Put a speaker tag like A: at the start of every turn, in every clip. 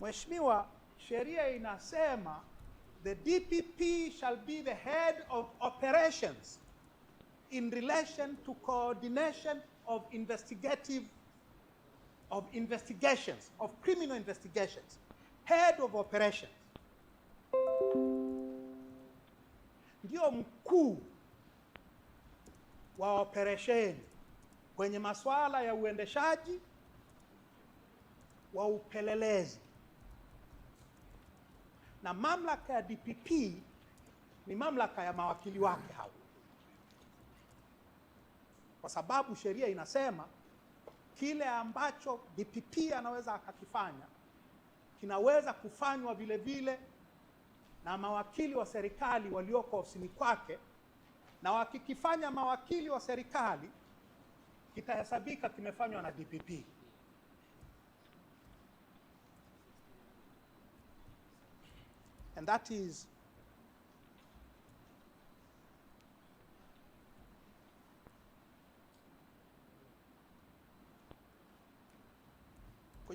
A: Mheshimiwa, sheria inasema the DPP shall be the head of operations in relation to coordination of investigative of investigations of criminal investigations, head of operations ndio mkuu wa operesheni kwenye masuala ya uendeshaji wa upelelezi na mamlaka ya DPP ni mamlaka ya mawakili wake hao, kwa sababu sheria inasema kile ambacho DPP anaweza akakifanya kinaweza kufanywa vile vile na mawakili wa serikali walioko ofisini kwake, na wakikifanya mawakili wa serikali kitahesabika kimefanywa na DPP. and that is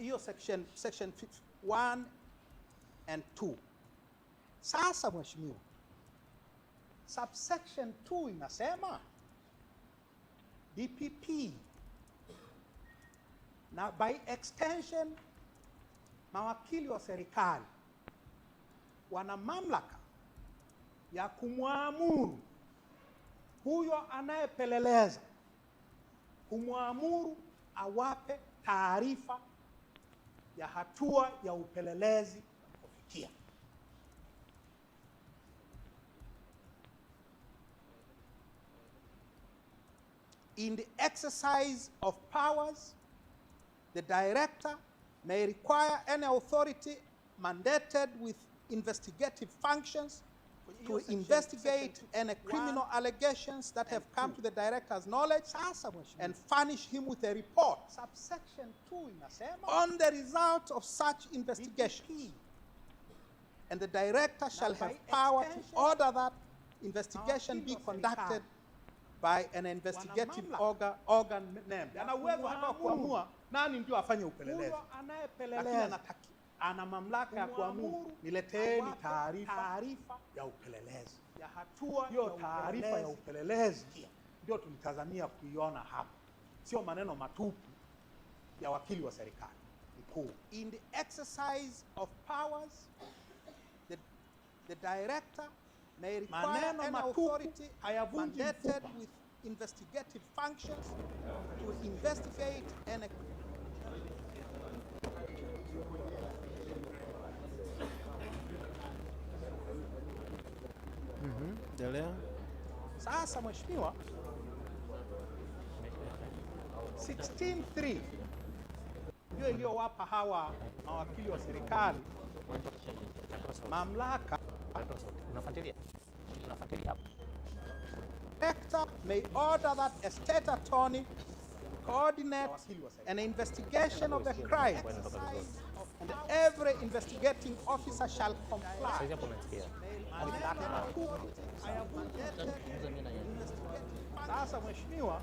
A: hiyo section, section 1 and 2. Sasa mheshimiwa, subsection 2 inasema DPP na by extension mawakili wa serikali wana mamlaka ya kumwamuru huyo anayepeleleza, kumwamuru awape taarifa ya hatua ya upelelezi kufikia. In the exercise of powers, the director may require any authority mandated with investigative functions to investigate any criminal allegations that have come to the director's knowledge and furnish him with a report on the results of such investigations. And the director shall have power to order that investigation be conducted by an investigative organ, organ named. ana mamlaka ya kuamuru nileteeni taarifa ya upelelezi. ya hatua Hiyo taarifa ya upelelezi ndio tulitazamia kuiona hapa, sio maneno matupu ya wakili wa serikali mkuu. In the exercise of powers the, the director may require an authority mandated with investigative functions to investigate any Endelea. Sasa mheshimiwa, 163 ndio iliyowapa hawa mawakili wa serikali mamlaka Director may order that a state attorney coordinates an investigation of the crime and every investigating officer shall comply sasa mheshimiwa,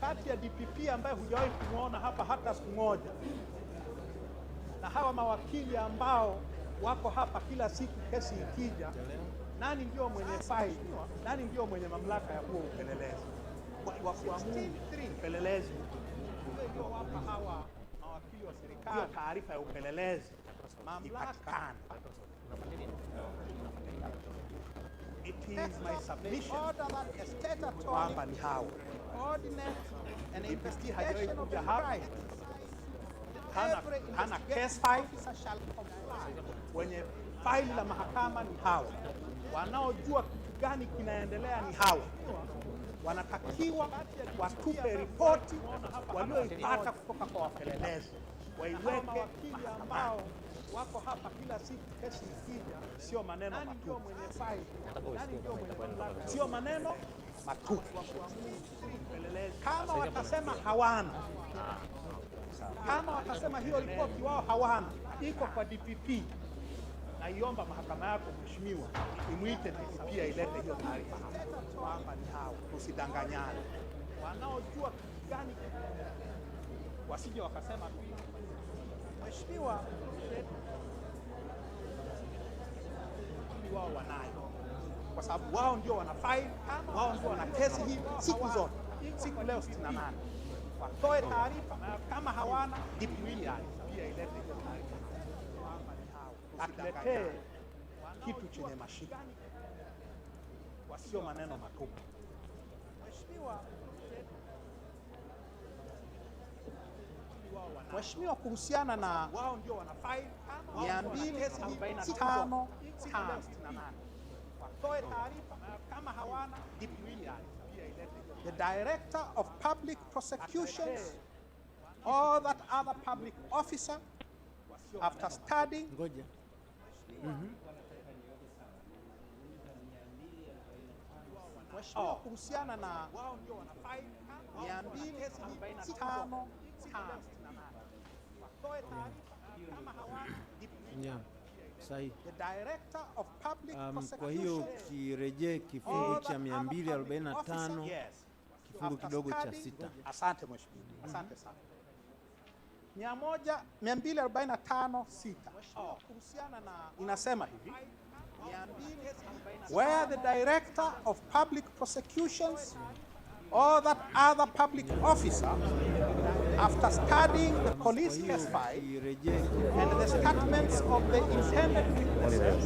A: kati ya DPP ambaye hujawahi kumwona hapa hata siku moja na hawa mawakili ambao wako hapa kila siku kesi ikija, nani ndio mwenye faili? Nani ndio mwenye mamlaka ya huo upelelezi wa kuamuru upelelezi? Hawa hiyo taarifa ya upelelezi ipatikane. It is my submission kwamba ni hao hajawahi kuja hapa, hana case file. Wenye faili la mahakama ni hawa, wanaojua kitu gani kinaendelea ni hawa, wanatakiwa watupe ripoti walioipata kutoka kwa wapelelezi waiweke ambao wako hapa kila siku, kesi ikija, sio maneno matupu, sio maneno matupu. Kama ah, watasema hawana, kama watasema hiyo ripoti wao hawana, iko kwa DPP, naiomba mahakama yako mheshimiwa, imwite DPP ailete hiyo taarifa hapa, kwamba ni hao, tusidanganyane, wanaojua gani, wasije wakasema tu mheshimiwa wao wanayo, kwa sababu wao ndio wana file, wao ndio wana kesi hii siku zote, siku leo 68 watoe taarifa. Kama hawana atuletee kitu chenye mashiko, wasio maneno matupu mheshimiwa. Mheshimiwa, kuhusiana na 245 watoe taarifa kama hawana the director of public prosecutions or that other public officer after studying ngoja Mheshimiwa, mm-hmm. oh. kuhusiana na 245 watoe Um,
B: kwa hiyo ukirejee kifungu cha 245 kifungu kidogo cha sita.
A: Asante mheshimiwa. Asante sana. 245 sita kuhusiana na inasema hivi where the director of public prosecutions or that other public officer after studying the police case file and the statements of the intended witnesses,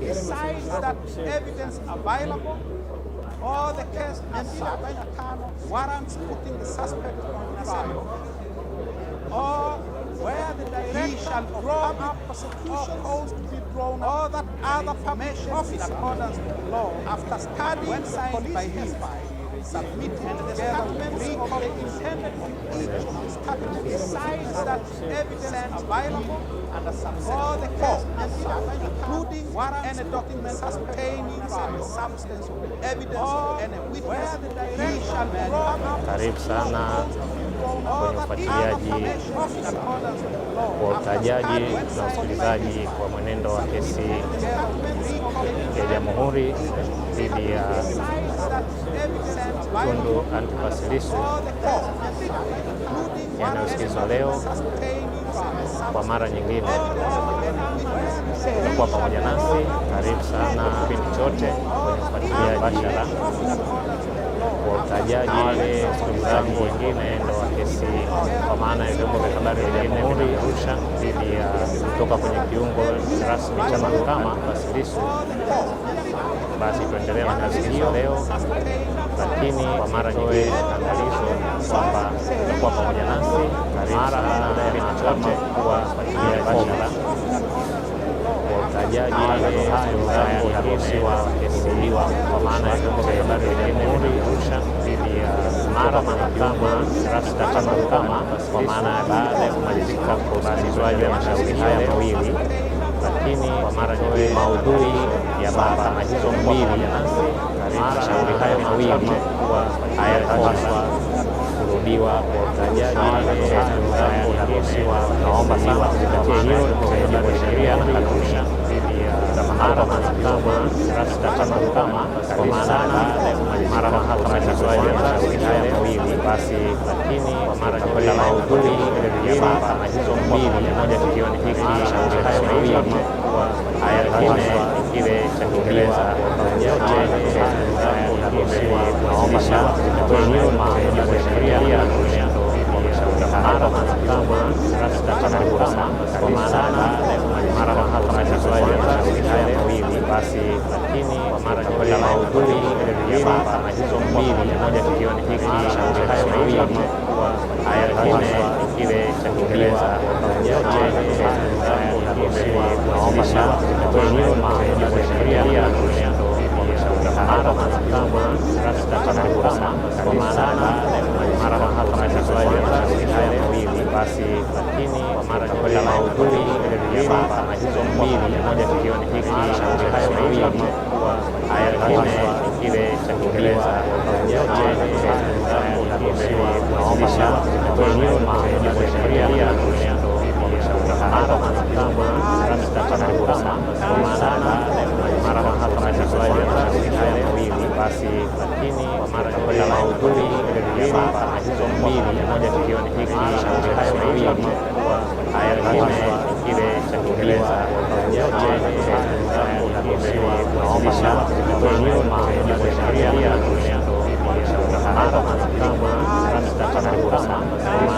A: decides that evidence available or the case as such warrants putting the suspect on trial or where the direction of up prosecution calls to be drawn or that other information, in accordance with law after studying the police case file submit and the statements of the intended conclusion of this cabinet besides that evidence available and for the case including any documents pertaining to the substance of the evidence and witness he shall be brought up
B: karibu sana kwenye ufuatiliaji wa utajaji na usikilizaji kwa mwenendo wa kesi ya Jamhuri dhidi ya Tundu Antipas Lissu yanayosikizwa leo kwa mara nyingine, umekuwa pamoja nasi. Karibu sana kipindi chote kwenye kufuatilia bashara kwa utajaji wale sikilizaji wengine ndo wakesi, kwa maana ya vyombo vya habari vingine Jamhuri Arusha dhidi ya kutoka kwenye kiungo rasmi cha mahakama Lissu. Basi tuendelee na kazi hiyo leo lakini kwa mara nyingine angalizo kwamba kwa pamoja nasi mara na vitu vyote kuwa mubashara wa utajaji hayoaruhusiwa kesiliwa kwa maana ya vyombo vya habari vingine vinavyorusha dhidi ya mara mahakama rasta kama mahakama, kwa maana ya baada ya kumalizika kwa usikilizwaji wa mashauri haya mawili lakini kwa mara nyingine maudhui ya mahakama hizo mbili mashauri hayo mawili hayatapaswa kurudiwa kwa utajiri naomba sana kuzingatia hilo kwa sheria na kanuni za mahakama na kama kama kwa maana mara mahakama itazoaje mashauri haya mawili basi, lakini kwa mara maudhui hizo mbili, moja kikiwa ni hiki shauri haya mawili haya kile cha Kiingereza yote naomba sana kwa hiyo sheria kuwa haya mengine kile cha Kiingereza imewasilisha wenyewe na kuashiria mwenendo basi lakini mara maudhui mbili hizo mbili, moja kikiwa ni hiki haya mawili haya kile cha Kiingereza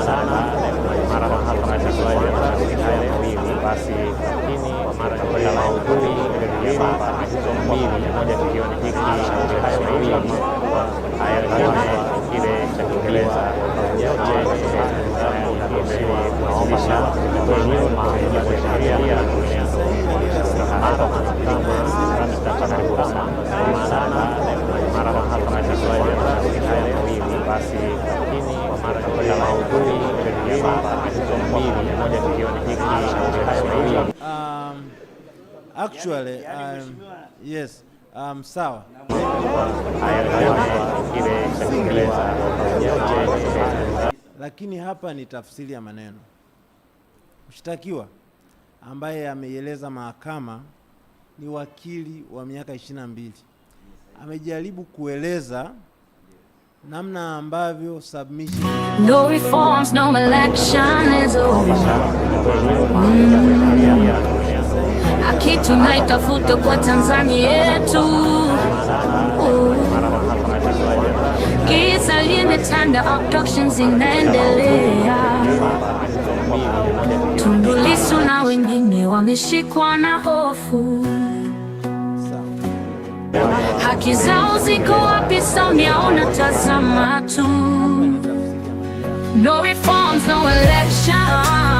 B: sana actually yaani- yaani um, yes um, sawa lakini hapa ni tafsiri ya maneno. Mshtakiwa ambaye ameieleza mahakama ni wakili wa miaka ishirini na mbili amejaribu kueleza namna ambavyo submission
C: no reforms, no election is over. Mm haki tunaitafuta kwa Tanzania yetu. Uh, giza limetanda, abductions zinaendelea. Tundu Lissu na wengine wameshikwa na hofu. Haki zao ziko wapi? Somi aona tu. No reforms, no election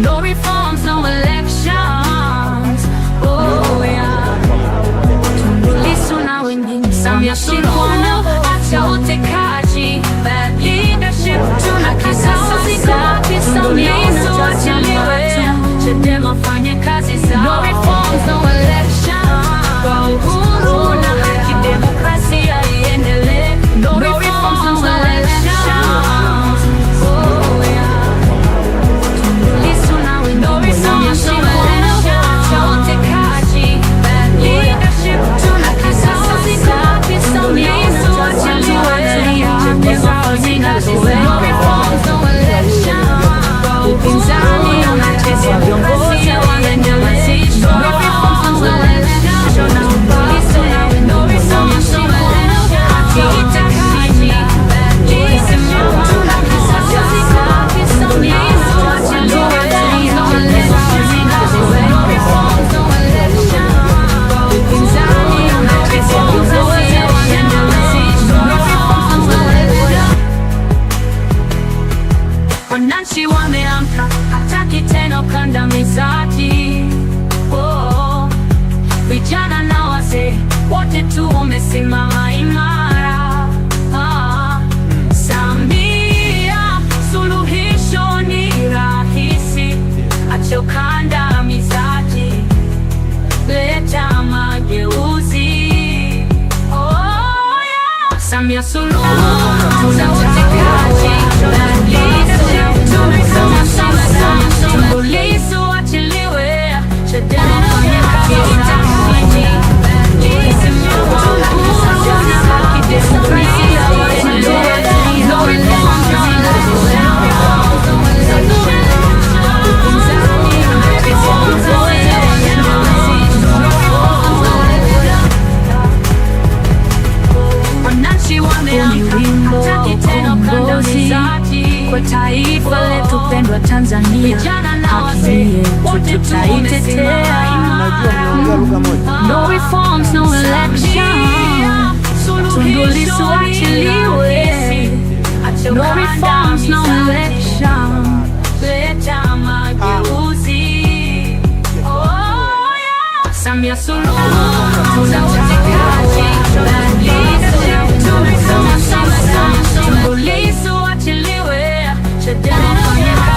C: No reforms, no elections. Oh yeah. Tulisu na wengine samia Suluhu acha utekaji, bad leadership. Tuna kizazi safi, Samia achiliwe. Chadema fanye kazi zao. No reforms, no elections. Kwa uhuru Sam ja solo, muza uciekacie wa taifa letu pendwa Tanzania, tutaitetea. No reforms, no election. Tundu Lissu achiliwe. No reforms, no election. Leta mageuzi. Ah. Oh, Samia Suluhu,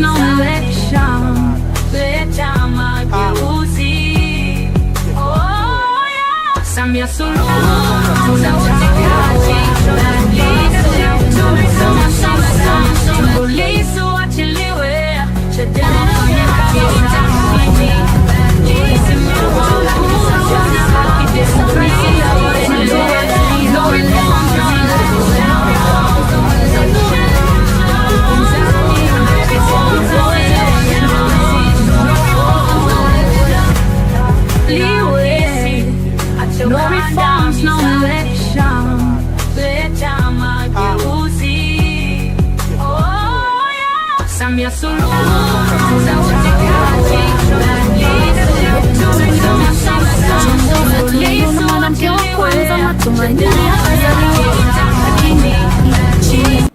C: no election. Lechama keuzi. Oh yeah. Samia Suluhu.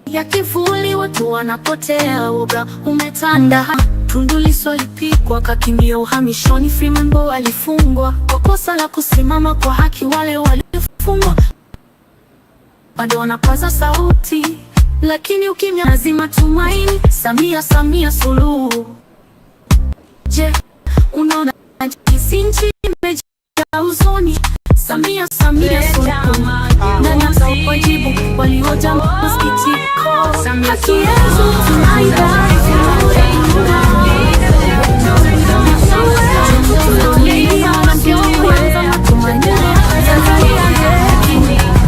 C: ya kivuli watu wanapotea, ubra umetanda. Tundu Lissu alipikwa akakimbia uhamishoni. Freeman Mbowe alifungwa kwa kosa la kusimama kwa haki. Wale waliofungwa bado wanapaza sauti lakini ukimya lazima tumaini. Samia, Samia Suluhu. Je, unaona jinsi nchi imejaa huzuni? Samia, Samia Suluhu. Nani ataujibu waliojaa masikitiko? Haki yetu tunaidai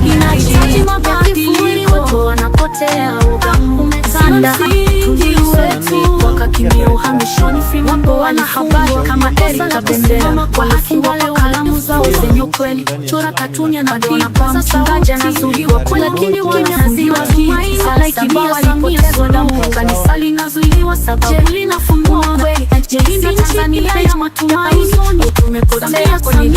C: inahitaji kutetea uga umetanda, mji wetu wakakimbia uhamishoni, mambo wanahabari kama Eric Kabendera walifungwa kwa kalamu zao zenye ukweli, chora katuni anadonaaa mchungaji anazuiwa kula kinyaziwa, kanisa linazuiliwa sababu linafungua kweli Jilinde Tanzania ya matumaini, tumepotea kwenye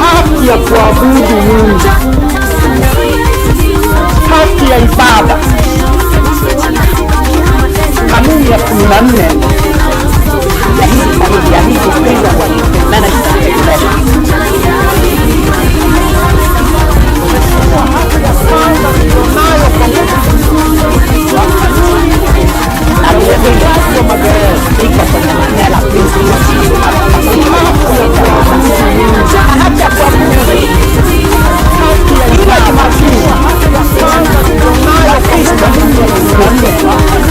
A: haki ya kuabudu Mungu, haki ya ibada. Kanuni ya kumi na nne 頑張れ